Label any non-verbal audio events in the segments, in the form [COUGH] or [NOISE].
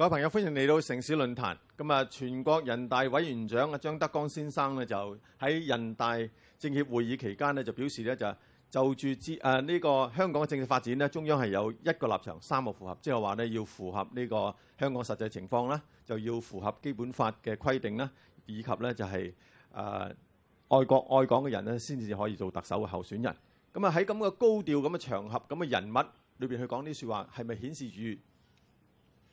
各位朋友，歡迎嚟到城市論壇。咁啊，全國人大委員長啊張德江先生呢，就喺人大政協會議期間呢，就表示咧就就住之啊呢、這個香港嘅政治發展呢，中央係有一個立場，三個符合，即係話呢，要符合呢個香港實際情況啦，就要符合基本法嘅規定啦，以及呢、就是，就係啊愛國愛港嘅人呢，先至可以做特首嘅候選人。咁啊喺咁嘅高調咁嘅場合、咁嘅人物裏邊去講啲説話，係咪顯示住，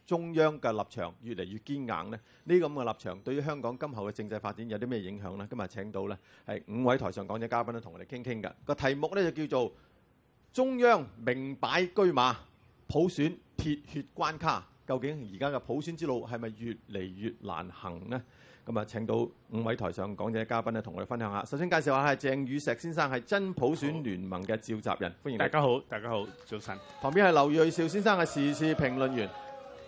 中央嘅立場越嚟越堅硬咧，呢咁嘅立場對於香港今後嘅政制發展有啲咩影響咧？今日請到咧係五位台上講者嘉賓咧，同我哋傾傾㗎。個題目呢就叫做中央明擺車馬普選鐵血關卡，究竟而家嘅普選之路係咪越嚟越難行咧？咁啊，請到五位台上講者嘉賓咧，同我哋分享下。首先介紹下係鄭宇碩先生，係真普選聯盟嘅召集人，歡迎。大家好，大家好，早晨。旁邊係劉銳紹先生，嘅時事評論員。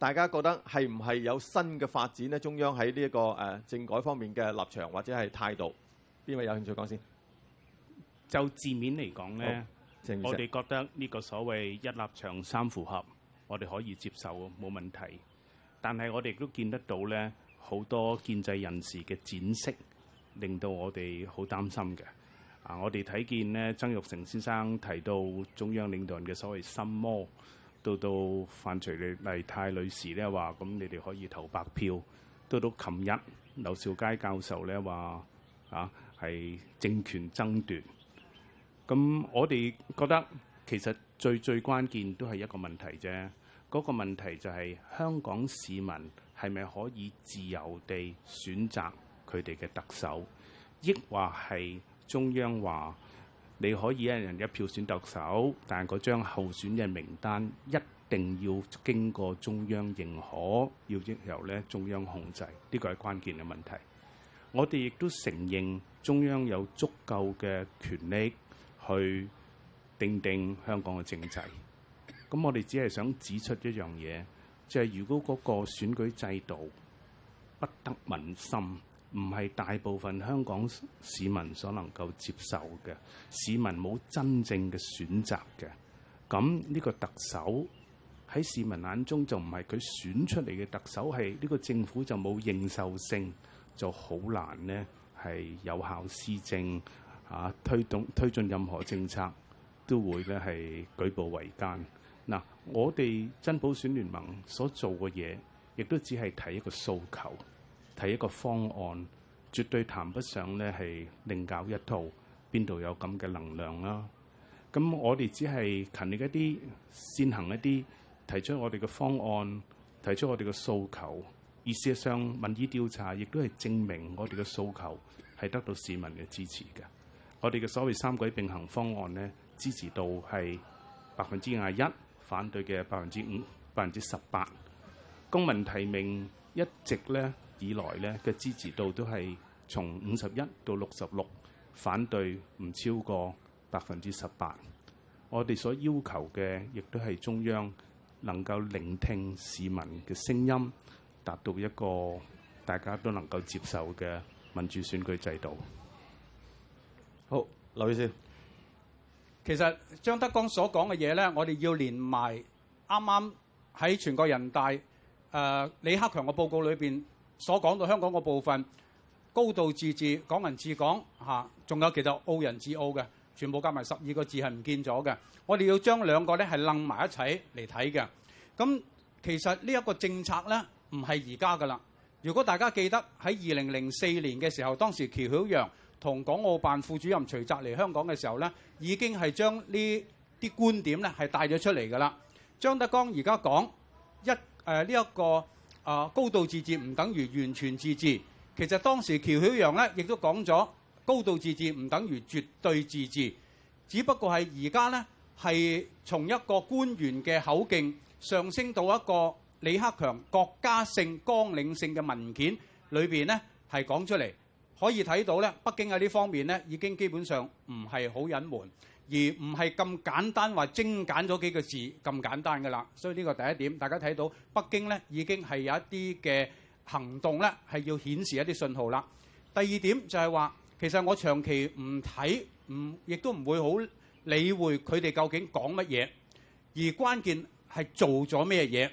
大家覺得係唔係有新嘅發展呢？中央喺呢一個誒政改方面嘅立場或者係態度，邊位有興趣講先？就字面嚟講呢，我哋覺得呢個所謂一立場三符合，我哋可以接受冇問題。但係我哋亦都見得到呢，好多建制人士嘅展識，令到我哋好擔心嘅。啊，我哋睇見呢，曾鈺成先生提到中央領導人嘅所謂心魔。到到范徐麗泰女士咧，話，咁你哋可以投白票。到到琴日，劉兆佳教授咧話啊，係政權爭奪，咁我哋覺得其實最最關鍵都係一個問題啫。嗰個問題就係香港市民係咪可以自由地選擇佢哋嘅特首，抑或係中央話。你可以一人一票選特首，但係嗰張候選人名單一定要經過中央認可，要由咧中央控制，呢個係關鍵嘅問題。我哋亦都承認中央有足夠嘅權力去定定香港嘅政制。咁我哋只係想指出一樣嘢，就係如果嗰個選舉制度不得民心。唔係大部分香港市民所能夠接受嘅，市民冇真正嘅選擇嘅，咁呢個特首喺市民眼中就唔係佢選出嚟嘅特首，係呢個政府就冇認受性，就好難咧係有效施政啊推動推進任何政策都會咧係舉步維艱。嗱、啊，我哋真普選聯盟所做嘅嘢，亦都只係提一個訴求。提一個方案，絕對談不上咧，係另搞一套。邊度有咁嘅能量啦？咁我哋只係勤力一啲，先行一啲，提出我哋嘅方案，提出我哋嘅訴求。而事實上，民意調查亦都係證明我哋嘅訴求係得到市民嘅支持嘅。我哋嘅所謂三軌併行方案咧，支持度係百分之廿一，反對嘅百分之五，百分之十八。公民提名一直咧。以來咧嘅支持度都係從五十一到六十六，反對唔超過百分之十八。我哋所要求嘅亦都係中央能夠聆聽市民嘅聲音，達到一個大家都能夠接受嘅民主選舉制度。好，留意先。其實張德江所講嘅嘢咧，我哋要連埋啱啱喺全國人大誒、呃、李克強嘅報告裏邊。所講到香港個部分，高度自治、港人治港嚇，仲有其實澳人治澳嘅，全部加埋十二個字係唔見咗嘅。我哋要將兩個咧係楞埋一齊嚟睇嘅。咁其實呢一個政策咧，唔係而家噶啦。如果大家記得喺二零零四年嘅時候，當時喬曉陽同港澳辦副主任徐澤嚟香港嘅時候咧，已經係將呢啲觀點咧係帶咗出嚟噶啦。張德江而家講一誒呢一個。啊！高度自治唔等於完全自治。其實當時喬曉陽咧亦都講咗，高度自治唔等於絕對自治，只不過係而家呢，係從一個官員嘅口徑上升到一個李克強國家性、綱領性嘅文件裏邊呢，係講出嚟，可以睇到咧，北京喺呢方面呢已經基本上唔係好隱瞞。而唔係咁簡單話精簡咗幾個字咁簡單㗎啦，所以呢個第一點，大家睇到北京呢已經係有一啲嘅行動呢，係要顯示一啲信號啦。第二點就係話，其實我長期唔睇，唔亦都唔會好理會佢哋究竟講乜嘢，而關鍵係做咗咩嘢。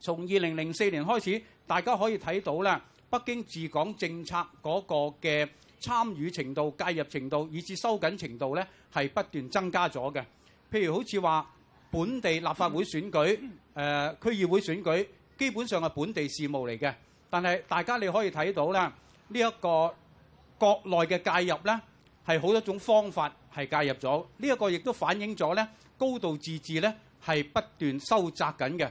從二零零四年開始，大家可以睇到啦，北京治港政策嗰個嘅。參與程度、介入程度，以至收緊程度咧，係不斷增加咗嘅。譬如好似話本地立法會選舉、誒區議會選舉，基本上係本地事務嚟嘅。但係大家你可以睇到啦，呢一個國內嘅介入咧，係好多種方法係介入咗。呢一個亦都反映咗咧高度自治咧係不斷收窄緊嘅。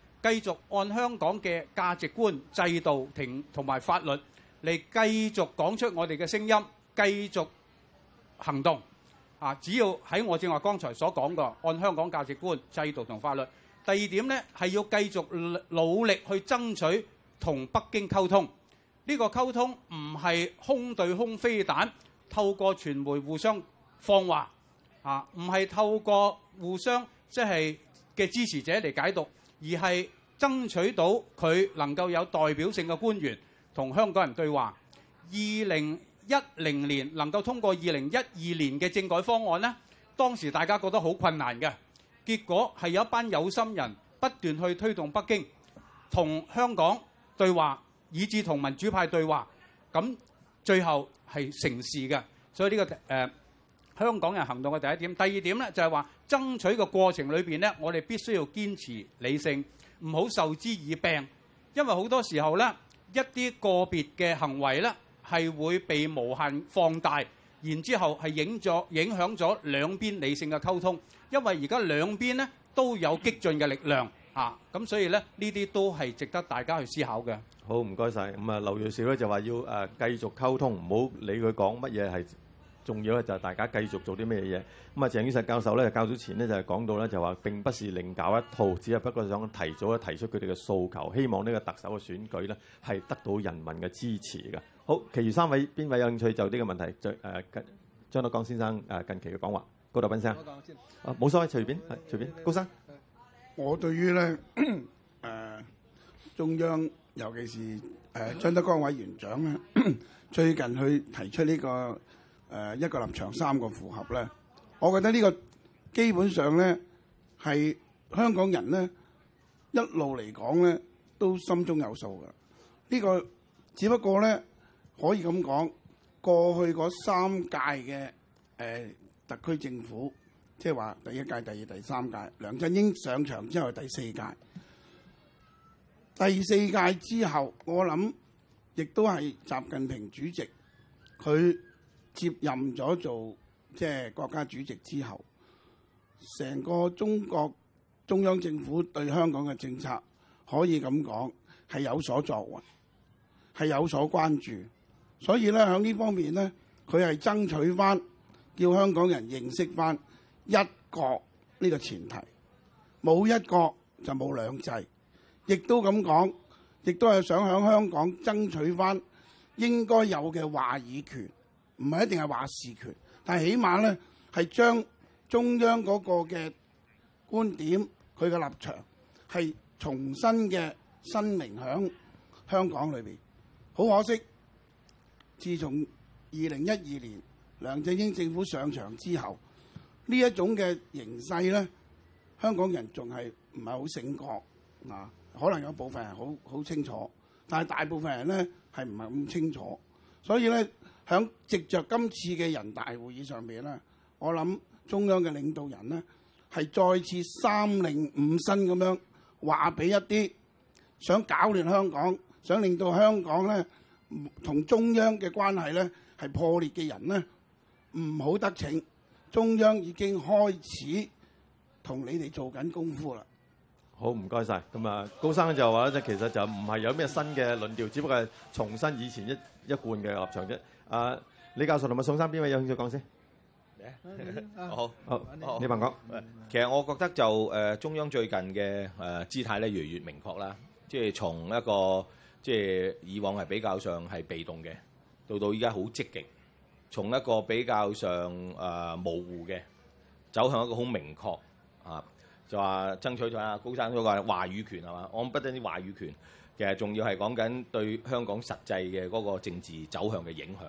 繼續按香港嘅價值觀、制度、庭同埋法律嚟繼續講出我哋嘅聲音，繼續行動啊！只要喺我正話剛才所講嘅按香港價值觀、制度同法律。第二點呢，係要繼續努力去爭取同北京溝通。呢個溝通唔係空對空飛彈，透過傳媒互相放話啊，唔係透過互相即係嘅支持者嚟解讀。而係爭取到佢能夠有代表性嘅官員同香港人對話，二零一零年能夠通過二零一二年嘅政改方案咧，當時大家覺得好困難嘅，結果係有一班有心人不斷去推動北京同香港對話，以至同民主派對話，咁最後係成事嘅，所以呢個誒。香港人行動嘅第一點，第二點咧就係話爭取嘅過程裏邊咧，我哋必須要堅持理性，唔好授之以柄。因為好多時候咧，一啲個別嘅行為咧，係會被無限放大，然之後係影咗影響咗兩邊理性嘅溝通。因為而家兩邊咧都有激進嘅力量嚇，咁所以咧呢啲都係值得大家去思考嘅。好，唔該曬。咁啊，劉銳紹咧就話要誒繼續溝通，唔好理佢講乜嘢係。重要咧就係大家繼續做啲咩嘢咁啊！鄭宇碩教授咧教咗前呢，就係講到咧就話，並不是另搞一套，只係不過想提早提出佢哋嘅訴求，希望呢個特首嘅選舉咧係得到人民嘅支持嘅。好，其餘三位邊位有興趣就呢個問題，最誒、啊、張德江先生誒、啊、近期嘅講話，高德斌先生先啊，冇所謂，隨便、嗯、隨便，嗯、高生，我對於咧誒、呃、中央尤其是誒、呃、張德江委員長咧最近去提出呢、這個。誒、呃、一個立場，三個符合咧。我覺得呢個基本上咧係香港人咧一路嚟講咧都心中有數嘅。呢、這個只不過咧可以咁講，過去嗰三屆嘅誒、呃、特區政府，即係話第一屆、第二、第三屆，梁振英上場之後第四屆，第四屆之後，我諗亦都係習近平主席佢，他接任咗做即係國家主席之後，成個中國中央政府對香港嘅政策可以咁講，係有所作為，係有所關注。所以咧，響呢方面咧，佢係爭取翻叫香港人認識翻一國呢個前提，冇一國就冇兩制。亦都咁講，亦都係想響香港爭取翻應該有嘅話語權。唔係一定係話事權，但係起碼咧係將中央嗰個嘅觀點、佢嘅立場係重新嘅申明，響香港裏邊。好可惜，自從二零一二年梁振英政府上場之後，呢一種嘅形勢咧，香港人仲係唔係好醒覺啊？可能有部分人好好清楚，但係大部分人咧係唔係咁清楚，所以咧。響藉著今次嘅人大會議上邊咧，我諗中央嘅領導人呢，係再次三令五申咁樣話俾一啲想搞亂香港、想令到香港呢同中央嘅關係呢，係破裂嘅人呢，唔好得逞。中央已經開始同你哋做緊功夫啦。好，唔該晒，咁啊，高生就話，即其實就唔係有咩新嘅論調，只不過係重申以前一一貫嘅立場啫。啊、uh,，李教授同埋宋生，邊位有興趣講先？Yeah. Oh. 好，好、oh.，你文講。其實我覺得就誒、呃、中央最近嘅誒姿態咧，越嚟越明確啦。即、就、係、是、從一個即係、就是、以往係比較上係被動嘅，到到依家好積極。從一個比較上誒、呃、模糊嘅，走向一個好明確啊，就話爭取咗啊高生嗰個話語權係嘛，講不得啲話語權。其實仲要係講緊對香港實際嘅嗰個政治走向嘅影響，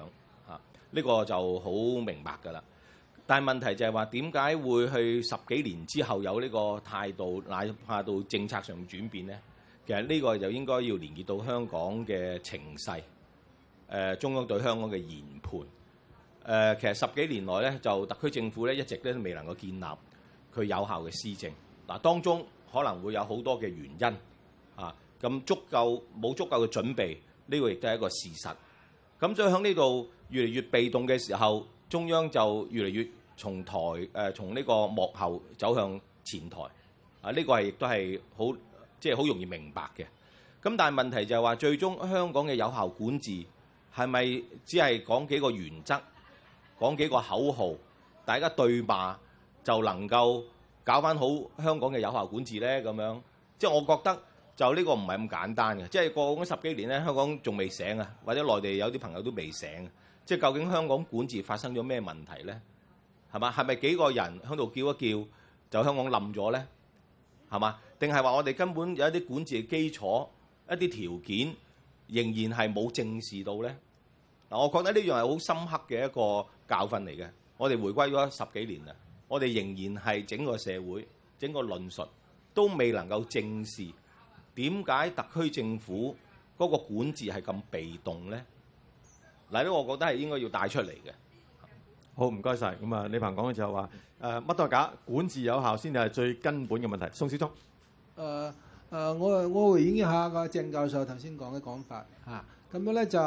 嚇、這、呢個就好明白㗎啦。但係問題就係話點解會去十幾年之後有呢個態度，哪怕到政策上轉變呢？其實呢個就應該要連結到香港嘅情勢，誒、呃，中央對香港嘅研判。誒、呃，其實十幾年來咧，就特區政府咧一直咧都未能夠建立佢有效嘅施政。嗱，當中可能會有好多嘅原因，嚇、啊。咁足夠冇足夠嘅準備，呢、這個亦都係一個事實。咁所以喺呢度越嚟越被動嘅時候，中央就越嚟越從台誒從呢個幕後走向前台啊！呢、這個係亦都係好即係好容易明白嘅。咁但係問題就係話，最終香港嘅有效管治係咪只係講幾個原則、講幾個口號，大家對罵就能夠搞返好香港嘅有效管治呢？咁樣即係、就是、我覺得。就呢個唔係咁簡單嘅，即係過咗十幾年咧，香港仲未醒啊，或者內地有啲朋友都未醒。即係究竟香港管治發生咗咩問題呢？係嘛？係咪幾個人喺度叫一叫就香港冧咗呢？係嘛？定係話我哋根本有一啲管治嘅基礎、一啲條件仍然係冇正視到呢？嗱，我覺得呢樣係好深刻嘅一個教訓嚟嘅。我哋回歸咗十幾年啦，我哋仍然係整個社會、整個論述都未能夠正視。點解特區政府嗰個管治係咁被動咧？嗱，呢，我覺得係應該要帶出嚟嘅。好，唔該晒。咁啊，李彭講嘅就係話，誒、呃、乜都係假，管治有效先係最根本嘅問題。宋小莊，誒、呃、誒，我我回應一下個鄭教授頭先講嘅講法嚇。咁樣咧就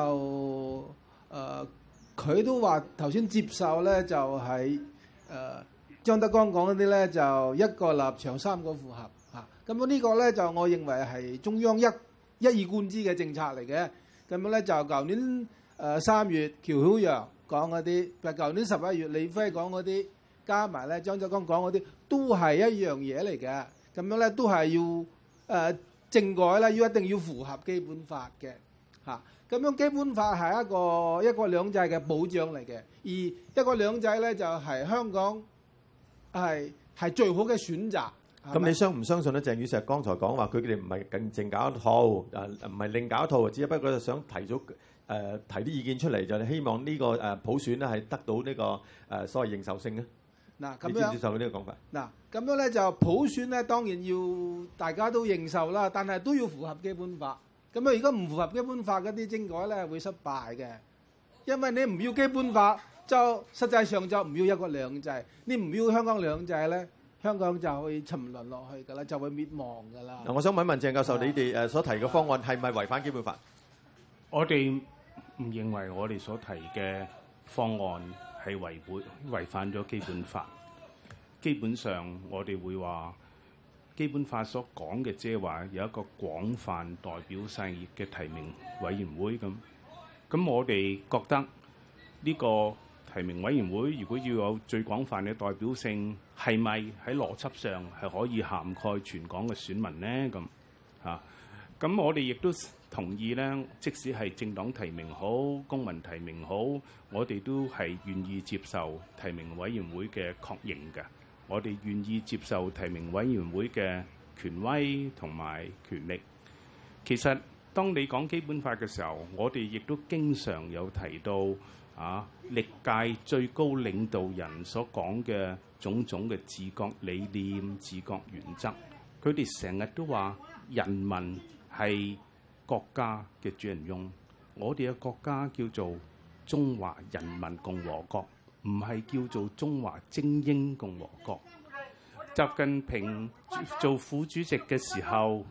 誒，佢、呃、都話頭先接受咧就係、是、誒、呃、張德江講嗰啲咧就一個立場三個符合。咁、這、樣、個、呢個咧就我認為係中央一一以貫之嘅政策嚟嘅。咁樣咧就舊年誒三、呃、月，喬曉陽講嗰啲，就舊年十一月李飛講嗰啲，加埋咧張德江講嗰啲，都係一樣嘢嚟嘅。咁樣咧都係要誒、呃、政改咧，要一定要符合基本法嘅嚇。咁、啊、樣基本法係一個一國兩制嘅保障嚟嘅，而一國兩制咧就係、是、香港係係最好嘅選擇。咁你相唔相信咧、啊？鄭宇碩剛才講話，佢哋唔係淨淨搞一套，誒唔係另搞一套，只不過就想提早誒、呃、提啲意見出嚟就，希望呢個誒普選咧係得到呢、這個誒、呃、所謂認受性咧。嗱，咁樣接受佢呢個講法。嗱，咁樣咧就普選咧，當然要大家都認受啦，但係都要符合基本法。咁啊，如果唔符合基本法嗰啲政改咧，會失敗嘅。因為你唔要基本法，就實際上就唔要一國兩制。你唔要香港兩制咧？香港就可以沉淪落去㗎啦，就會滅亡㗎啦。嗱，我想問問鄭教授，你哋誒所提嘅方案係咪違反基本法？我哋唔認為我哋所提嘅方案係違背、違反咗基本法。基本上，我哋會話基本法所講嘅，即係話有一個廣泛代表性嘅提名委員會咁。咁我哋覺得呢個。提名委員會如果要有最廣泛嘅代表性，係咪喺邏輯上係可以涵蓋全港嘅選民呢？咁吓，咁我哋亦都同意咧，即使係政黨提名好、公民提名好，我哋都係願意接受提名委員會嘅確認嘅。我哋願意接受提名委員會嘅權威同埋權力。其實，當你講基本法嘅時候，我哋亦都經常有提到。啊！歷屆最高領導人所講嘅種種嘅治國理念、治國原則，佢哋成日都話人民係國家嘅主人翁。我哋嘅國家叫做中華人民共和國，唔係叫做中華精英共和國。習近平做副主席嘅時候，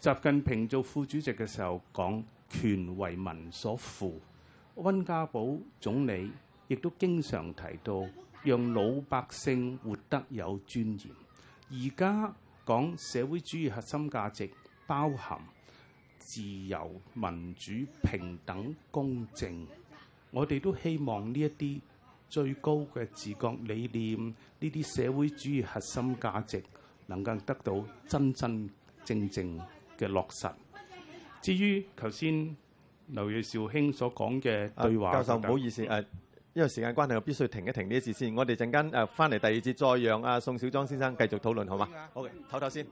習近平做副主席嘅時候講：權為民所賦。溫家寶總理亦都經常提到，讓老百姓活得有尊嚴。而家講社會主義核心價值，包含自由、民主、平等、公正，我哋都希望呢一啲最高嘅治國理念，呢啲社會主義核心價值，能夠得到真真正正嘅落實。至於頭先，劉銳紹兄所講嘅對話、啊，教授唔好意思，誒、啊，因為時間關係，我必須停一停呢啲事先。我哋陣間誒翻嚟第二節，再讓阿、啊、宋小莊先生繼續討論，啊、好嗎？好嘅，唞唞先。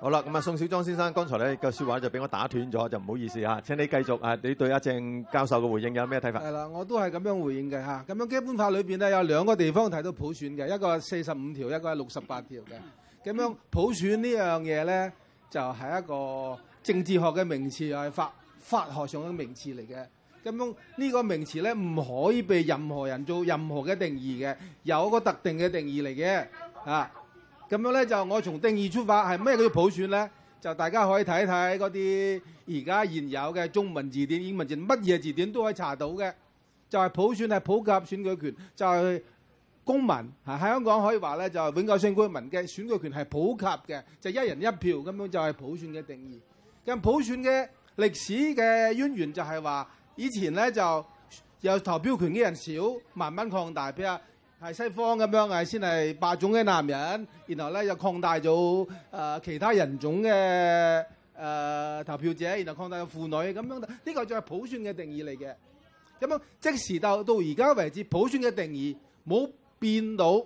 好啦，咁啊，宋小莊先生，剛才呢句説話就俾我打斷咗，就唔好意思啊。請你繼續誒、啊，你對阿、啊、鄭教授嘅回應有咩睇法？係啦，我都係咁樣回應嘅嚇。咁樣基本法裏邊呢，有兩個地方提到普選嘅，一個係四十五條，一個係六十八條嘅。 [LAUGHS] 咁樣普選呢樣嘢呢，就係一個政治學嘅名詞，又係法法學上嘅名詞嚟嘅。咁樣呢個名詞呢，唔可以被任何人做任何嘅定義嘅，有一個特定嘅定義嚟嘅。啊，咁樣呢，就我從定義出發，係咩叫普選呢？就大家可以睇睇嗰啲而家現有嘅中文字典、英文字典，乜嘢字典都可以查到嘅。就係普選係普及選舉權，就係。公民喺香港可以話咧就永久性居民嘅選舉權係普及嘅，就是、一人一票咁樣就係、是、普選嘅定義。咁普選嘅歷史嘅淵源就係話以前咧就有投票權嘅人少，慢慢擴大。譬如話係西方咁樣，係先係白種嘅男人，然後咧又擴大咗誒、呃、其他人種嘅誒、呃、投票者，然後擴大到婦女。咁樣，呢、這個就係普選嘅定義嚟嘅。咁樣即時到到而家為止，普選嘅定義冇。變到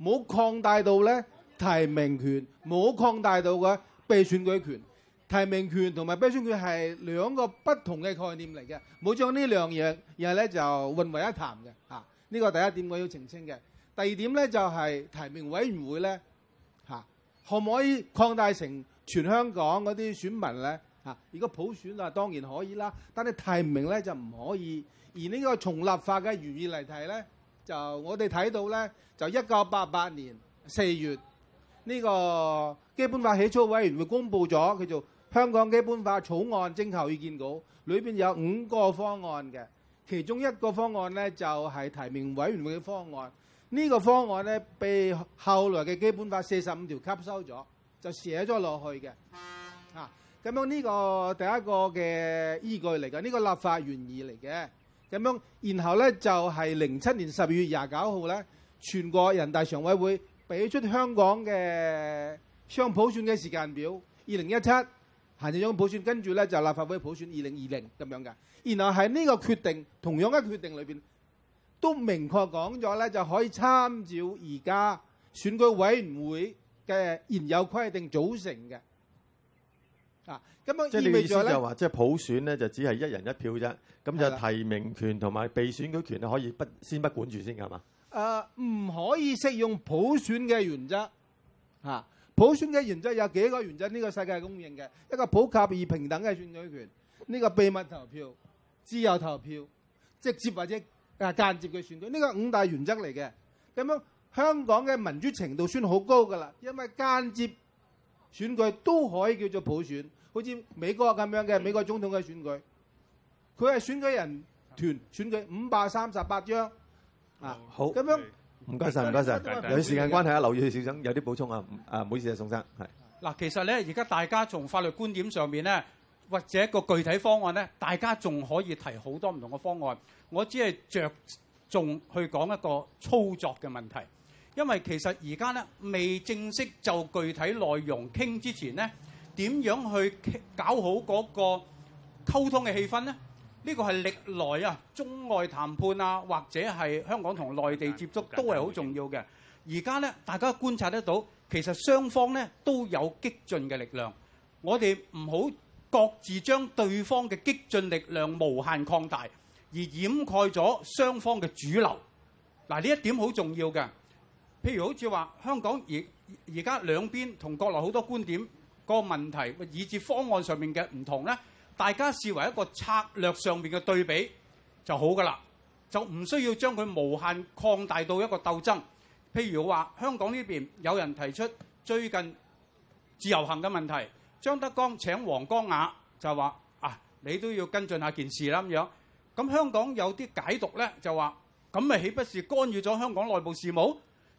冇擴大到咧提名權，冇擴大到嘅被選舉權。提名權同埋被選舉係兩個不同嘅概念嚟嘅，冇將呢兩樣，然後咧就混為一談嘅。嚇、啊，呢、這個第一點我要澄清嘅。第二點咧就係、是、提名委員會咧，嚇、啊、可唔可以擴大成全香港嗰啲選民咧？嚇、啊，如果普選啊當然可以啦，但係提名咧就唔可以。而呢個從立法嘅原意嚟睇咧。就我哋睇到呢，就一九八八年四月呢、這個基本法起草委員會公布咗叫做《香港基本法草案徵求意見稿》，裏邊有五個方案嘅，其中一個方案呢，就係、是、提名委員會嘅方案。呢、這個方案呢，被後來嘅基本法四十五條吸收咗，就寫咗落去嘅。啊，咁樣呢個第一個嘅依據嚟嘅，呢、這個立法原意嚟嘅。咁樣，然後咧就係零七年十二月廿九號咧，全國人大常委會俾出香港嘅雙普選嘅時間表，二零一七行政長官普選，跟住咧就立法會普選二零二零咁樣嘅。然後喺呢個決定，同樣嘅決定裏邊都明確講咗咧，就可以參照而家選舉委員會嘅現有規定組成嘅。啊！咁樣意味着即係你嘅意思就係話，即係普選咧就只係一人一票啫。咁就提名權同埋被選舉權咧可以不先不管住先嘅係嘛？誒、啊、唔可以適用普選嘅原則。嚇、啊，普選嘅原則有幾個原則？呢個世界公認嘅一個普及而平等嘅選舉權，呢個秘密投票、自由投票、直接或者啊間接嘅選舉，呢個五大原則嚟嘅。咁樣香港嘅民主程度算好高㗎啦，因為間接。選舉都可以叫做普選，好似美國咁樣嘅美國總統嘅選舉，佢係選舉人團選舉五百三十八張、嗯、啊，好咁樣。唔該晒，唔該晒。由於時間關係啊，劉宇先生有啲補充啊，啊唔好意思啊，宋生係嗱，其實咧而家大家從法律觀點上面咧，或者一個具體方案咧，大家仲可以提好多唔同嘅方案，我只係着重去講一個操作嘅問題。因為其實而家呢未正式就具體內容傾之前呢，點樣去搞好嗰個溝通嘅氣氛呢？呢個係歷來啊，中外談判啊，或者係香港同內地接觸都係好重要嘅。而家呢，大家觀察得到，其實雙方呢都有激進嘅力量。我哋唔好各自將對方嘅激進力量無限擴大，而掩蓋咗雙方嘅主流。嗱，呢一點好重要嘅。譬如好似話香港而而家兩邊同國內好多觀點個問題，以至方案上面嘅唔同咧，大家視為一個策略上面嘅對比就好噶啦，就唔需要將佢無限擴大到一個鬥爭。譬如話香港呢邊有人提出最近自由行嘅問題，張德江請王光亞就話啊，你都要跟進下件事啦咁樣，咁香港有啲解讀咧，就話，咁咪豈不是干預咗香港內部事務？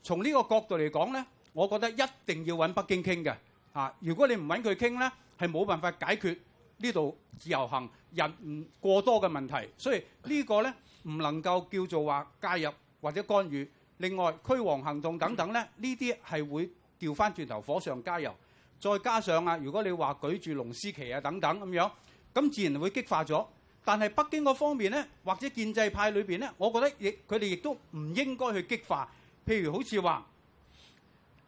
從呢個角度嚟講呢，我覺得一定要揾北京傾嘅啊。如果你唔揾佢傾呢，係冇辦法解決呢度自由行人唔過多嘅問題。所以呢個呢唔能夠叫做話介入或者干預。另外，驅蝗行動等等呢，呢啲係會調翻轉頭，火上加油。再加上啊，如果你話舉住龍獅旗啊等等咁樣，咁自然會激化咗。但係北京嗰方面呢，或者建制派裏邊呢，我覺得亦佢哋亦都唔應該去激化。譬如好似話，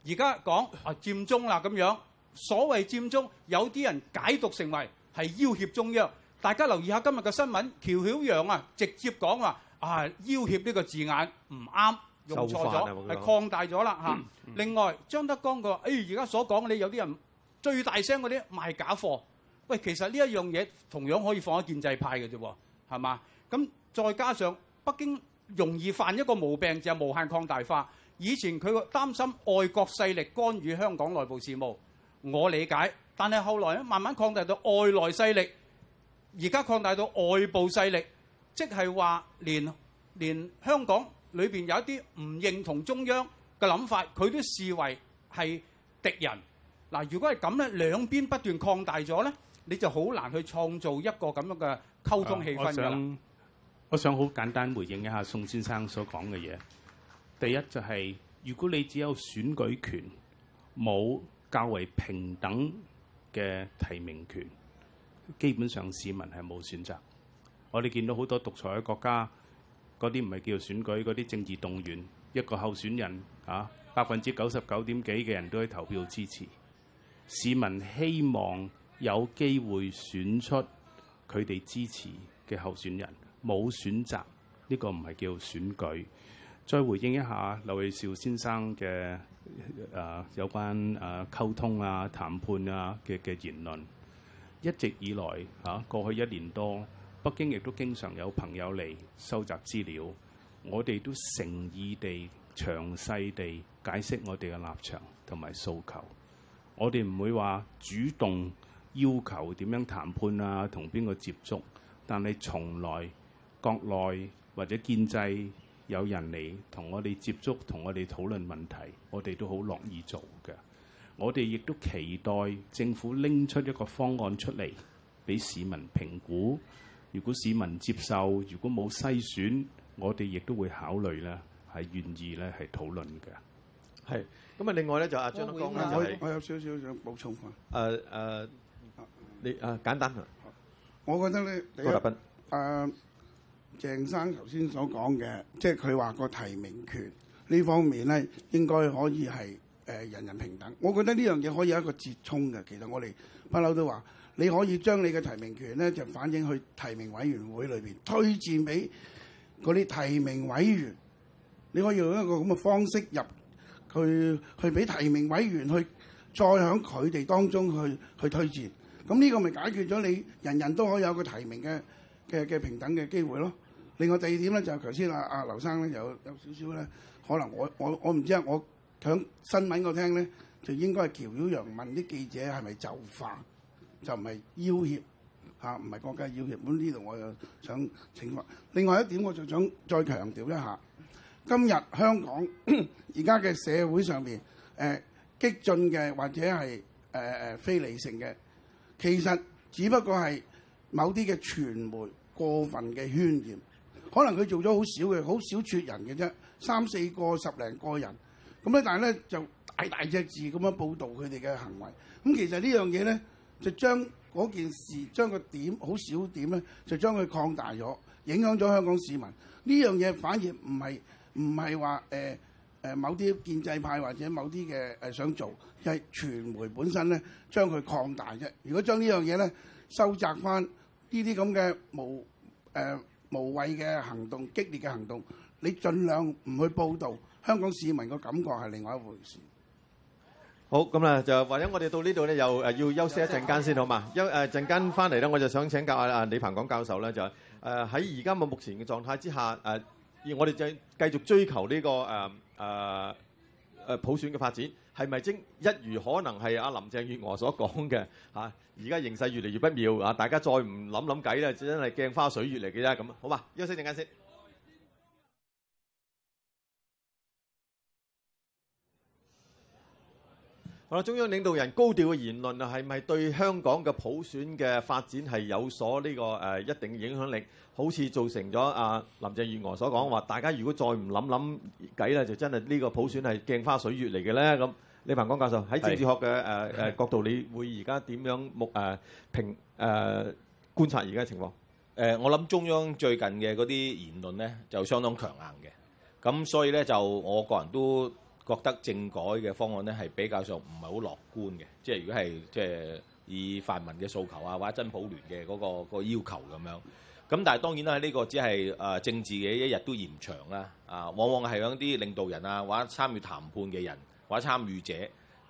而家講佔中啦咁樣，所謂佔中有啲人解讀成為係要挾中央。大家留意下今日嘅新聞，喬曉陽啊，直接講話啊要挾呢個字眼唔啱，用錯咗，係擴大咗啦嚇。另外張德江佢話，哎，而家所講嘅，你有啲人最大聲嗰啲賣假貨。喂，其實呢一樣嘢同樣可以放喺建制派嘅啫，係嘛？咁再加上北京。容易犯一個毛病就係無限擴大化。以前佢會擔心外國勢力干預香港內部事務，我理解。但係後來咧，慢慢擴大到外來勢力，而家擴大到外部勢力，即係話連連香港裏邊有一啲唔認同中央嘅諗法，佢都視為係敵人。嗱，如果係咁咧，兩邊不斷擴大咗咧，你就好難去創造一個咁樣嘅溝通氣氛㗎啦。我想好簡單回應一下宋先生所講嘅嘢。第一就係、是、如果你只有選舉權，冇較為平等嘅提名權，基本上市民係冇選擇。我哋見到好多獨裁嘅國家，嗰啲唔係叫選舉，嗰啲政治動員一個候選人啊，百分之九十九點幾嘅人都喺投票支持。市民希望有機會選出佢哋支持嘅候選人。冇選擇，呢、這個唔係叫選舉。再回應一下劉銳紹先生嘅誒、呃、有關誒溝、呃、通啊、談判啊嘅嘅言論。一直以來嚇、啊，過去一年多，北京亦都經常有朋友嚟收集資料，我哋都誠意地、詳細地解釋我哋嘅立場同埋訴求。我哋唔會話主動要求點樣談判啊，同邊個接觸，但係從來。國內或者建制有人嚟同我哋接觸，同我哋討論問題，我哋都好樂意做嘅。我哋亦都期待政府拎出一個方案出嚟，俾市民評估。如果市民接受，如果冇篩選，我哋亦都會考慮咧，係願意咧，係討論嘅。係。咁啊，另外咧就是、阿張德光咧我、就是、我有少少想補充翻。誒、uh, 誒、uh,，你、uh, 誒簡單我覺得咧，郭立斌誒。Uh, 鄭生頭先所講嘅，即係佢話個提名權呢方面咧，應該可以係人人平等。我覺得呢樣嘢可以有一個折衷嘅。其實我哋不嬲都話，你可以將你嘅提名權咧，就反映去提名委員會裏面推薦俾嗰啲提名委員。你可以用一個咁嘅方式入去，去俾提名委員去再響佢哋當中去去推薦。咁呢個咪解決咗你人人都可以有個提名嘅。嘅嘅平等嘅機會咯。另外第二點咧就係頭先、啊啊、阿阿劉生咧有有少少咧，可能我我我唔知啊，我響新聞我聽咧，就應該係喬曉陽問啲記者係咪就範，就唔係要挾嚇、啊，唔係國家要挾。咁呢度我就想請另外一點，我就想再強調一下。今日香港而家嘅社會上邊誒、呃、激進嘅或者係誒誒非理性嘅，其實只不過係某啲嘅傳媒。過分嘅渲染，可能佢做咗好少嘅，好少撮人嘅啫，三四個十零個人咁咧，但係咧就大大隻字咁樣報導佢哋嘅行為。咁其實這呢樣嘢咧，就將嗰件事，將個點好少點咧，就將佢擴大咗，影響咗香港市民。呢樣嘢反而唔係唔係話誒誒某啲建制派或者某啲嘅誒想做，就係、係、傳媒本身咧將佢擴大啫。如果將這呢樣嘢咧收窄翻。呢啲咁嘅無誒無謂嘅行動，激烈嘅行動，你儘量唔去報導，香港市民個感覺係另外一回事。好，咁啊，就或者我哋到呢度咧，又誒要休息一陣間先好嘛？一誒陣間翻嚟咧，我就想請教阿阿李彭廣教授咧，就誒喺而家嘅目前嘅狀態之下，誒而我哋就繼續追求呢個誒誒。誒，普選嘅發展係咪正一如可能係阿林鄭月娥所講嘅吓？而家形勢越嚟越不妙啊！大家再唔諗諗計咧，真係鏡花水月嚟嘅啫咁，好嘛，休息一陣間先。我中央領導人高調嘅言論啊，係咪對香港嘅普選嘅發展係有所呢個誒一定影響力？好似造成咗啊林鄭月娥所講話，大家如果再唔諗諗計啦，就真係呢個普選係鏡花水月嚟嘅咧。咁李彭廣教授喺政治學嘅誒、啊啊、角度，你會而家點樣目誒、啊、評誒、啊、觀察而家嘅情況？誒、呃，我諗中央最近嘅嗰啲言論咧就相當強硬嘅，咁所以咧就我個人都覺得政改嘅方案咧係比較上唔係好樂觀嘅，即係如果係即係以泛民嘅訴求啊，或者真普聯嘅嗰個個要求咁樣，咁但係當然啦，呢個只係誒政治嘅一日都延長啦，啊往往係響啲領導人啊，或者參與談判嘅人，或者參與者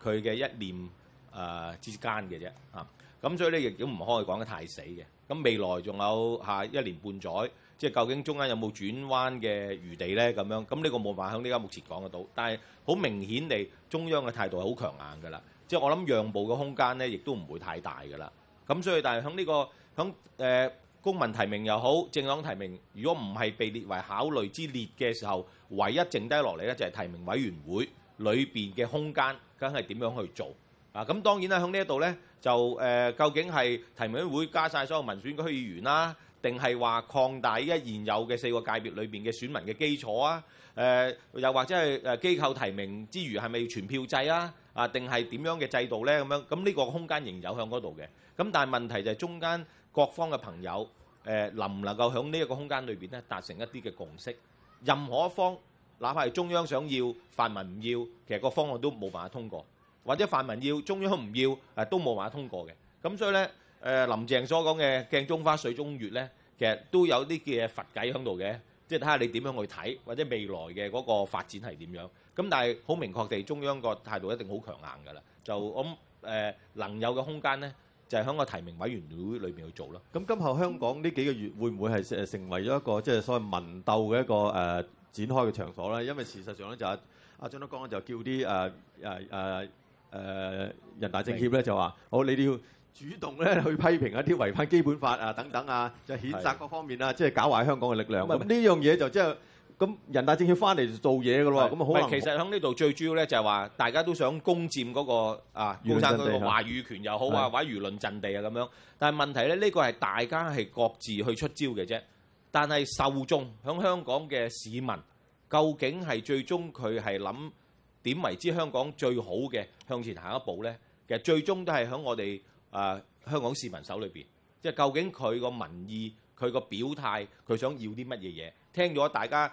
佢嘅一念誒之間嘅啫啊，咁所以咧亦都唔可以講得太死嘅，咁未來仲有下一年半載。即係究竟中間有冇轉彎嘅餘地咧？咁樣咁呢個冇法響呢家目前講得到，但係好明顯地中央嘅態度係好強硬㗎啦。即係我諗讓步嘅空間咧，亦都唔會太大㗎啦。咁所以，但係響呢個響誒公民提名又好，政黨提名，如果唔係被列為考慮之列嘅時候，唯一剩低落嚟咧，就係提名委員會裏邊嘅空間，梗係點樣去做啊？咁當然啦，響呢一度咧，就誒究竟係提名委員會加曬所有民選區議員啦。定係話擴大依一現有嘅四個界別裏邊嘅選民嘅基礎啊？誒又或者係誒機構提名之餘，係咪要全票制啊？啊，定係點樣嘅制度咧？咁樣咁呢個空間仍然有喺嗰度嘅。咁但係問題就係中間各方嘅朋友誒，能唔能夠喺呢一個空間裏邊咧達成一啲嘅共識？任何一方，哪怕係中央想要泛民唔要，其實個方案都冇辦法通過；或者泛民要中央唔要，誒都冇辦法通過嘅。咁所以咧。誒林鄭所講嘅鏡中花水中月咧，其實都有啲嘅佛偈響度嘅，即係睇下你點樣去睇，或者未來嘅嗰個發展係點樣。咁但係好明確地，中央個態度一定好強硬㗎啦。就咁誒能有嘅空間咧，就係喺個提名委員會裏面去做啦。咁今後香港呢幾個月會唔會係誒成為咗一個即係所謂民鬥嘅一個誒展開嘅場所咧？因為事實上咧，就阿阿張德江就叫啲誒誒誒誒人大政協咧就話：好，你要。主動咧去批評一啲違反基本法啊等等啊，就譴責各方面啊，即係搞壞香港嘅力量。唔係呢樣嘢就即係咁人大政協翻嚟做嘢嘅喎，咁啊好。唔係，其實響呢度最主要咧就係話，大家都想攻佔嗰個啊，攻佔嗰個話語權又好啊，或者輿論陣地啊咁樣。但係問題咧，呢個係大家係各自去出招嘅啫。但係受眾響香港嘅市民，究竟係最終佢係諗點為之香港最好嘅向前行一步咧？其實最終都係響我哋。誒、呃、香港市民手裏邊，即、就、係、是、究竟佢個民意、佢個表態，佢想要啲乜嘢嘢？聽咗大家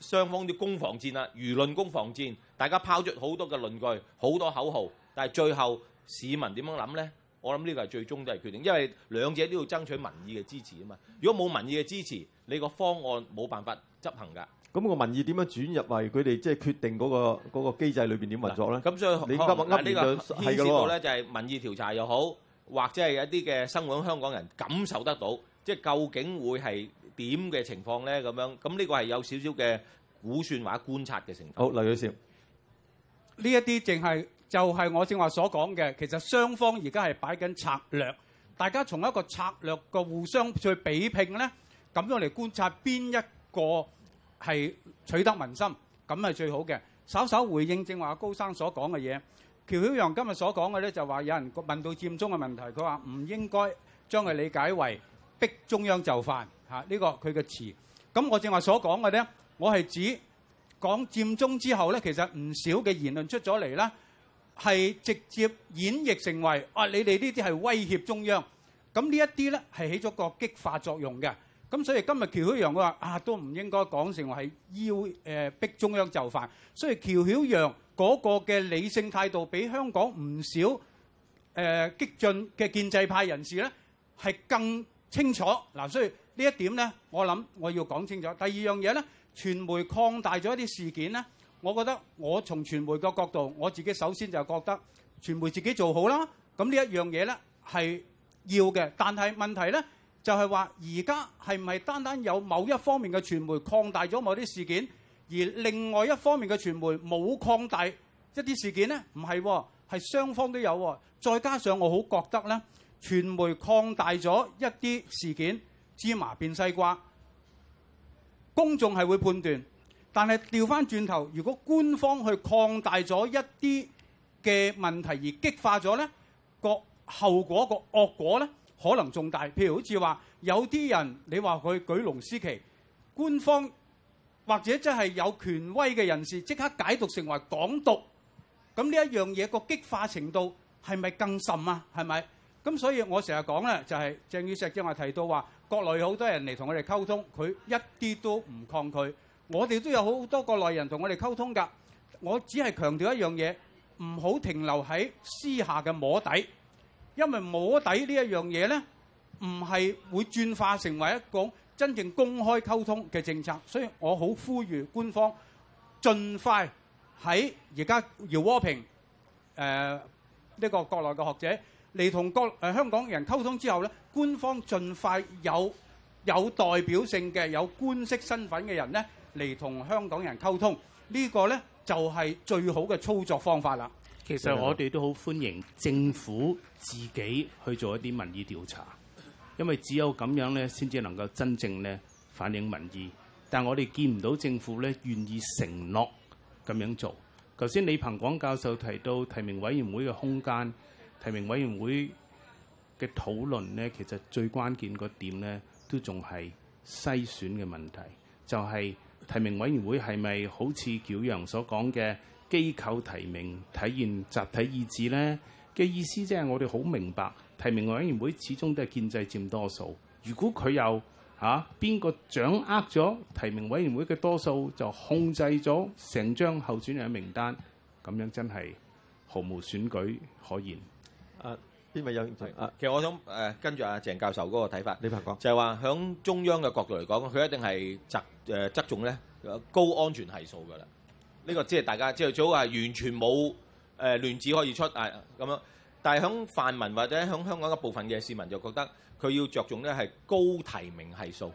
雙方啲攻防戰啊，輿論攻防戰，大家拋出好多嘅論據，好多口號，但係最後市民點樣諗咧？我諗呢個係最終都係決定，因為兩者都要爭取民意嘅支持啊嘛。如果冇民意嘅支持，你個方案冇辦法執行㗎。咁個民意點樣轉入為佢哋即係決定嗰、那個嗰、那個機制裏邊點運作咧？咁、啊、所以你噏、啊這個、呢個牽涉到咧，就係、是、民意調查又好。或者係一啲嘅生活香港人感受得到，即係究竟會係點嘅情況咧？咁樣咁呢個係有少少嘅估算或者觀察嘅成分。好，劉先生，呢一啲淨係就係、是、我正話所講嘅，其實雙方而家係擺緊策略，大家從一個策略個互相去比拼咧，咁樣嚟觀察邊一個係取得民心，咁係最好嘅。稍稍回應正話高生所講嘅嘢。喬曉陽今日所講嘅咧就話有人問到佔中嘅問題，佢話唔應該將佢理解為逼中央就範嚇，呢個佢嘅詞。咁我正話所講嘅咧，我係指講佔中之後咧，其實唔少嘅言論出咗嚟啦，係直接演繹成為啊你哋呢啲係威脅中央，咁呢一啲咧係起咗個激化作用嘅。咁所以今日喬曉陽話啊都唔應該講成為係要誒逼中央就範，所以喬曉陽。嗰個嘅理性態度，比香港唔少誒激進嘅建制派人士咧，係更清楚。嗱，所以呢一點咧，我諗我要講清楚。第二樣嘢咧，傳媒擴大咗一啲事件咧，我覺得我從傳媒嘅角度，我自己首先就覺得傳媒自己做好啦。咁呢一樣嘢咧係要嘅，但係問題咧就係話而家係唔係單單有某一方面嘅傳媒擴大咗某啲事件？而另外一方面嘅傳媒冇擴大一啲事件呢？唔係，係、喎、雙方都有、喎。再加上我好覺得呢，傳媒擴大咗一啲事件，芝麻變西瓜。公眾係會判斷，但係調翻轉頭，如果官方去擴大咗一啲嘅問題而激化咗呢，個後果、個惡果呢可能仲大。譬如好似話，有啲人你話佢舉龍獅旗，官方。或者即係有權威嘅人士即刻解讀成為港獨，咁呢一樣嘢個激化程度係咪更甚啊？係咪？咁所以我成日講咧，就係鄭宇碩正話提到話，國內有好多人嚟同我哋溝通，佢一啲都唔抗拒。我哋都有好多國內人同我哋溝通㗎。我只係強調一樣嘢，唔好停留喺私下嘅摸底，因為摸底呢一樣嘢咧，唔係會轉化成為一個真正公開溝通嘅政策，所以我好呼籲官方盡快喺而家饒戈平，誒，呢個國內嘅學者嚟同國，誒，香港人溝通之後呢，官方盡快有有代表性嘅、有官式身份嘅人呢嚟同香港人溝通，呢個呢就係最好嘅操作方法啦。其實我哋都好歡迎政府自己去做一啲民意調查。因為只有咁樣咧，先至能夠真正咧反映民意。但係我哋見唔到政府咧願意承諾咁樣做。頭先李彭廣教授提到提名委員會嘅空間，提名委員會嘅討論咧，其實最關鍵個點咧，都仲係篩選嘅問題，就係、是、提名委員會係咪好似曉陽所講嘅機構提名，體現集體意志咧嘅意思，即係我哋好明白。提名委員會始終都係建制佔多數，如果佢又，嚇邊個掌握咗提名委員會嘅多數，就控制咗成張候選人嘅名單，咁樣真係毫無選舉可言。啊，邊位有興趣？啊，其實我想誒、啊、跟住阿、啊、鄭教授嗰個睇法，你嚟講就係話響中央嘅角度嚟講，佢一定係側誒側重咧高安全係數噶啦。呢、呢個即係大家即係最好係完全冇誒、呃、亂子可以出啊咁樣。但係喺泛民或者喺香港一部分嘅市民就覺得佢要着重咧係高提名係數，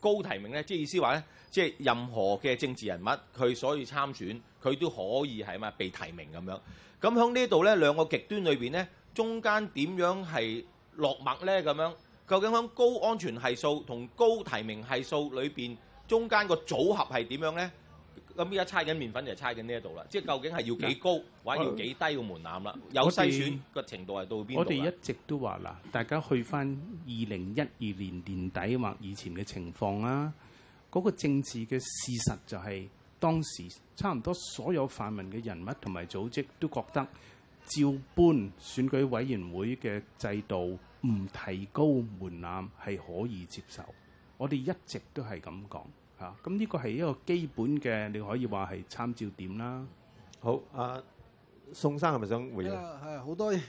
高提名咧即係意思話咧，即係任何嘅政治人物佢所以參選佢都可以係嘛被提名咁樣。咁喺呢度咧兩個極端裏邊咧，中間點樣係落墨咧咁樣？究竟喺高安全係數同高提名係數裏邊中間個組合係點樣咧？咁而家猜緊麵粉就係猜緊呢一度啦，即係究竟係要幾高或者要幾低個門檻啦？有篩選個程度係到邊度？我哋一直都話嗱，大家去翻二零一二年年底或以前嘅情況啦。嗰個政治嘅事實就係當時差唔多所有泛民嘅人物同埋組織都覺得照搬選舉委員會嘅制度唔提高門檻係可以接受。我哋一直都係咁講。嚇、啊！咁、嗯、呢、這個係一個基本嘅，你可以話係參照點啦。好，阿、啊、宋生係咪想回應？係好多要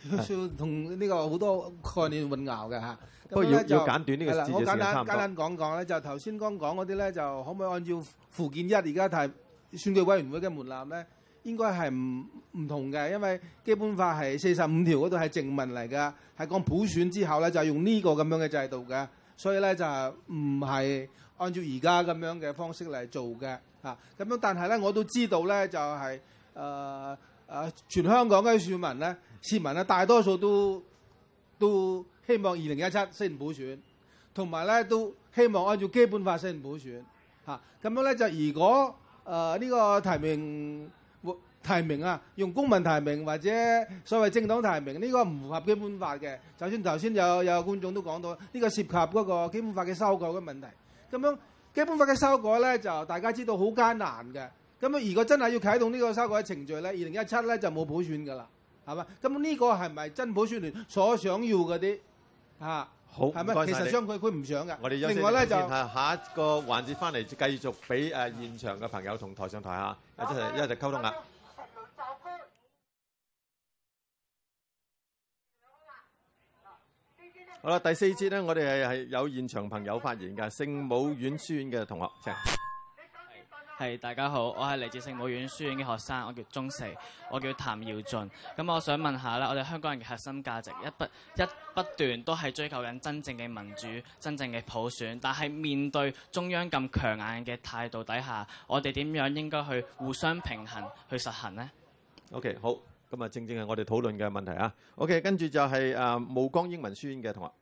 同呢個好多概念混淆嘅嚇。不過要要，要簡短呢個我就先差唔多。簡單簡單講講咧，就頭先剛講嗰啲咧，就可唔可以按照附件一而家睇選舉委員會嘅門檻咧？應該係唔唔同嘅，因為基本法係四十五條嗰度係正文嚟㗎，係講普選之後咧就係用呢個咁樣嘅制度嘅，所以咧就唔係。按照而家咁樣嘅方式嚟做嘅嚇咁樣，但係咧，我都知道咧，就係誒誒，全香港嘅市民咧，市民啊，大多數都都希望二零一七實行普選，同埋咧都希望按照基本法實行普選嚇。咁、啊、樣咧就如果誒呢、呃這個提名、呃、提名啊，用公民提名或者所謂政黨提名，呢、這個唔符合基本法嘅。就算頭先有有觀眾都講到，呢、這個涉及嗰個基本法嘅修改嘅問題。咁樣基本法嘅修改咧，就大家知道好艱難嘅。咁樣如果真係要啟動呢個修改程序咧，二零一七咧就冇普選㗎啦，係嘛？咁呢個係咪真普選聯所想要嗰啲啊？好，唔該曬你。其實將佢，佢唔想嘅。我哋休息一段，下一個環節翻嚟繼續俾誒現場嘅朋友同台上台下一齊一齊溝通啊！好啦，第四節呢，我哋係係有現場朋友發言㗎，聖母院書院嘅同學，請。係、hey. hey, 大家好，我係嚟自聖母院書院嘅學生，我叫中四，我叫譚耀俊。咁我想問一下咧，我哋香港人嘅核心價值一不一不斷都係追求緊真正嘅民主、真正嘅普選，但係面對中央咁強硬嘅態度底下，我哋點樣應該去互相平衡去實行呢？OK，好。咁、OK, 就是、啊，正正係我哋討論嘅問題啊。OK，跟住就係誒慕光英文書院嘅同學。誒、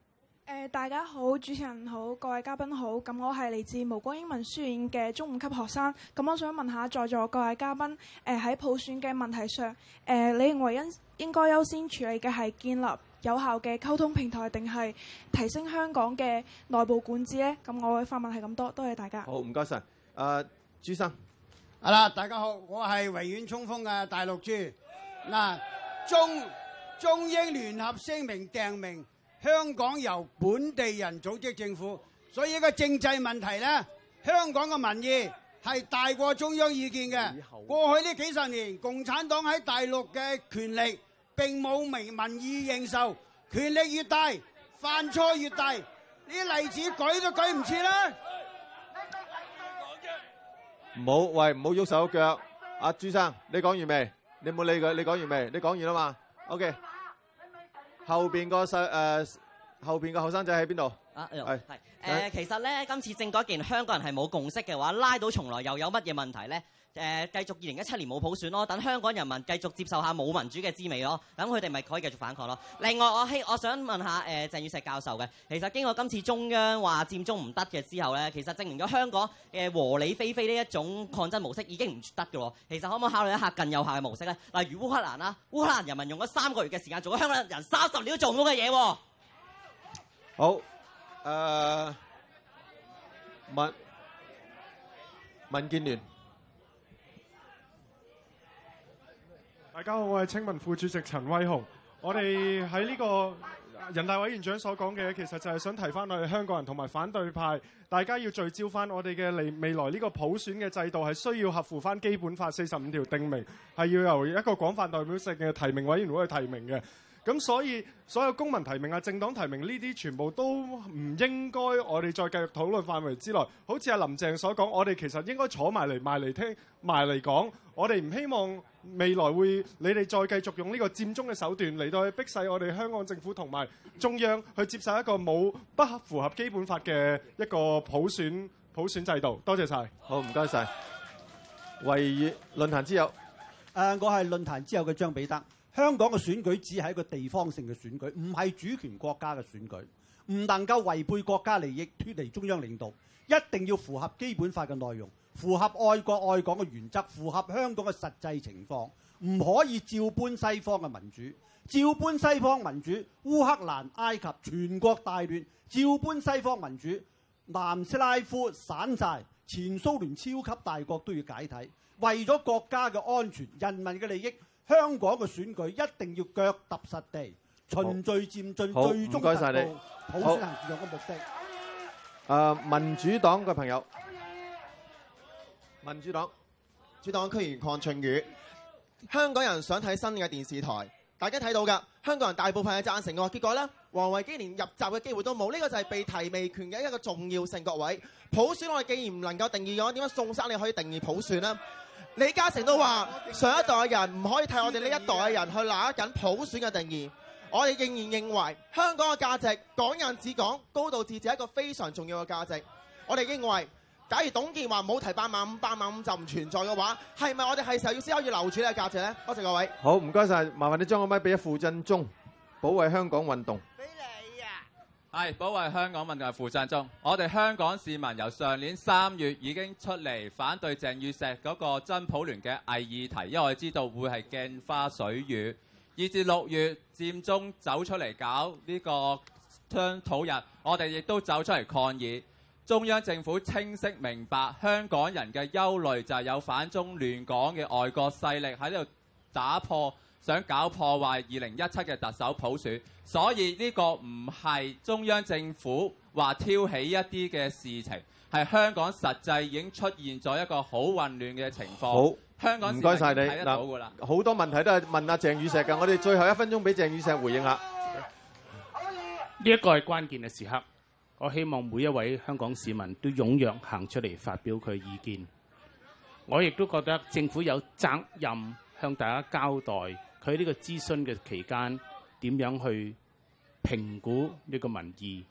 呃，大家好，主持人好，各位嘉賓好。咁我係嚟自慕光英文書院嘅中五級學生。咁我想問下在座各位嘉賓，誒、呃、喺普選嘅問題上，誒、呃、你認為應該應該優先處理嘅係建立有效嘅溝通平台，定係提升香港嘅內部管治呢？咁我嘅發問係咁多，多謝大家。好，唔該晒，誒、呃，朱生。係、啊、啦，大家好，我係維園衝鋒嘅大陸豬。嗱，中中英聯合聲明訂明香港由本地人組織政府，所以呢個政制問題咧，香港嘅民意係大過中央意見嘅。過去呢幾十年，共產黨喺大陸嘅權力並冇為民意認受，權力越大，犯錯越大，呢啲例子舉都舉唔切啦。唔好，喂，唔好喐手腳。阿朱生，你講完未？你冇理佢，你你講完未你講完啦嘛，完了嗎 ?OK, 後面個、呃、後面個後生仔喺邊度？、啊呃、其實呢今次政改，既然香港人係冇共識嘅話拉到重來又有乜嘢問題呢誒、呃、繼續二零一七年冇普選咯，等香港人民繼續接受下冇民主嘅滋味咯，等佢哋咪可以繼續反抗咯。另外，我希我想問下誒、呃、鄭宇碩教授嘅，其實經過今次中央話佔中唔得嘅之後咧，其實證明咗香港嘅、呃、和理非非呢一種抗爭模式已經唔得嘅喎。其實可唔可以考慮一下更有效嘅模式咧？例如烏克蘭啦、啊，烏克蘭人民用咗三個月嘅時間做咗香港人三十年都做唔到嘅嘢喎。好，誒、呃、民民建聯。大家好，我係青民副主席陳威雄。我哋喺呢個人大委員長所講嘅，其實就係想提翻我哋香港人同埋反對派，大家要聚焦翻我哋嘅未來呢個普選嘅制度，係需要合乎翻基本法四十五條定名，係要由一個廣泛代表性嘅提名委員會去提名嘅。咁所以所有公民提名啊、政黨提名呢啲，全部都唔應該我哋再繼續討論範圍之內，好似阿林鄭所講，我哋其實應該坐埋嚟，埋嚟聽埋嚟講。我哋唔希望未來會你哋再繼續用呢個佔中嘅手段嚟到去逼使我哋香港政府同埋中央去接受一個冇不符合基本法嘅一個普選普選制度。多謝晒，好唔該晒。維園論壇之友，啊，論壇之友，誒，我係論壇之友嘅張彼得。香港嘅選舉只係一個地方性嘅選舉，唔係主權國家嘅選舉，唔能夠違背國家利益，脫離中央領導，一定要符合基本法嘅內容，符合愛國愛港嘅原則，符合香港嘅實際情況，唔可以照搬西方嘅民主，照搬西方民主，烏克蘭、埃及全國大亂，照搬西方民主，南斯拉夫散晒，前蘇聯超級大國都要解體，為咗國家嘅安全、人民嘅利益。香港嘅選舉一定要腳踏實地，循序漸進，最終晒你！普選實現嘅目的。誒，民主黨嘅朋友，民主黨，民主黨區議員鄺俊宇，香港人想睇新嘅電視台，大家睇到噶，香港人大部分係贊成嘅，結果咧，王維基連入閘嘅機會都冇，呢、這個就係被提名權嘅一個重要性。各位，普選我哋既然唔能夠定義咗，點解宋生你可以定義普選呢？李嘉誠都話：上一代嘅人唔可以替我哋呢一代嘅人去拿緊普選嘅定義。我哋仍然認為香港嘅價值，港人治港、高度自治係一個非常重要嘅價值。我哋認為，假如董建華冇提八萬五、八萬五就唔存在嘅話，係咪我哋係時候要思考住留住呢個嘅價值咧？多謝各位。好，唔該晒，麻煩你將個麥俾阿傅振中，保衞香港運動。係，保衞香港問題係負責中。我哋香港市民由上年三月已經出嚟反對鄭宇碩嗰個真普聯嘅偽議題，因為我哋知道會係鏡花水月。以至六月佔中走出嚟搞呢個商討日，我哋亦都走出嚟抗議。中央政府清晰明白香港人嘅憂慮，就係有反中亂港嘅外國勢力喺度打破。想搞破壞二零一七嘅特首普選，所以呢個唔係中央政府話挑起一啲嘅事情，係香港實際已經出現咗一個好混亂嘅情況。好，香港市民睇得到㗎啦。唔該晒你。好多問題都係問阿鄭宇碩㗎，我哋最後一分鐘俾鄭宇碩回應下。呢一個係關鍵嘅時刻，我希望每一位香港市民都踴躍行出嚟發表佢意見。我亦都覺得政府有責任向大家交代。喺呢個諮詢嘅期間，點樣去評估呢個民意？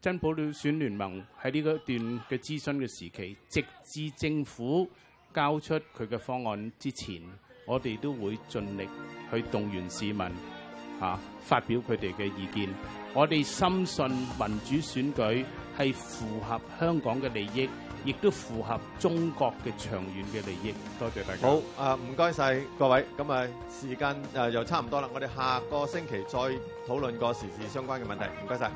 真普選聯盟喺呢一段嘅諮詢嘅時期，直至政府交出佢嘅方案之前，我哋都會盡力去動員市民嚇、啊、發表佢哋嘅意見。我哋深信民主選舉係符合香港嘅利益。亦都符合中國嘅長遠嘅利益。多謝大家。好，啊唔該晒各位，咁啊時間啊又差唔多啦，我哋下個星期再討論個時事相關嘅問題。唔該晒。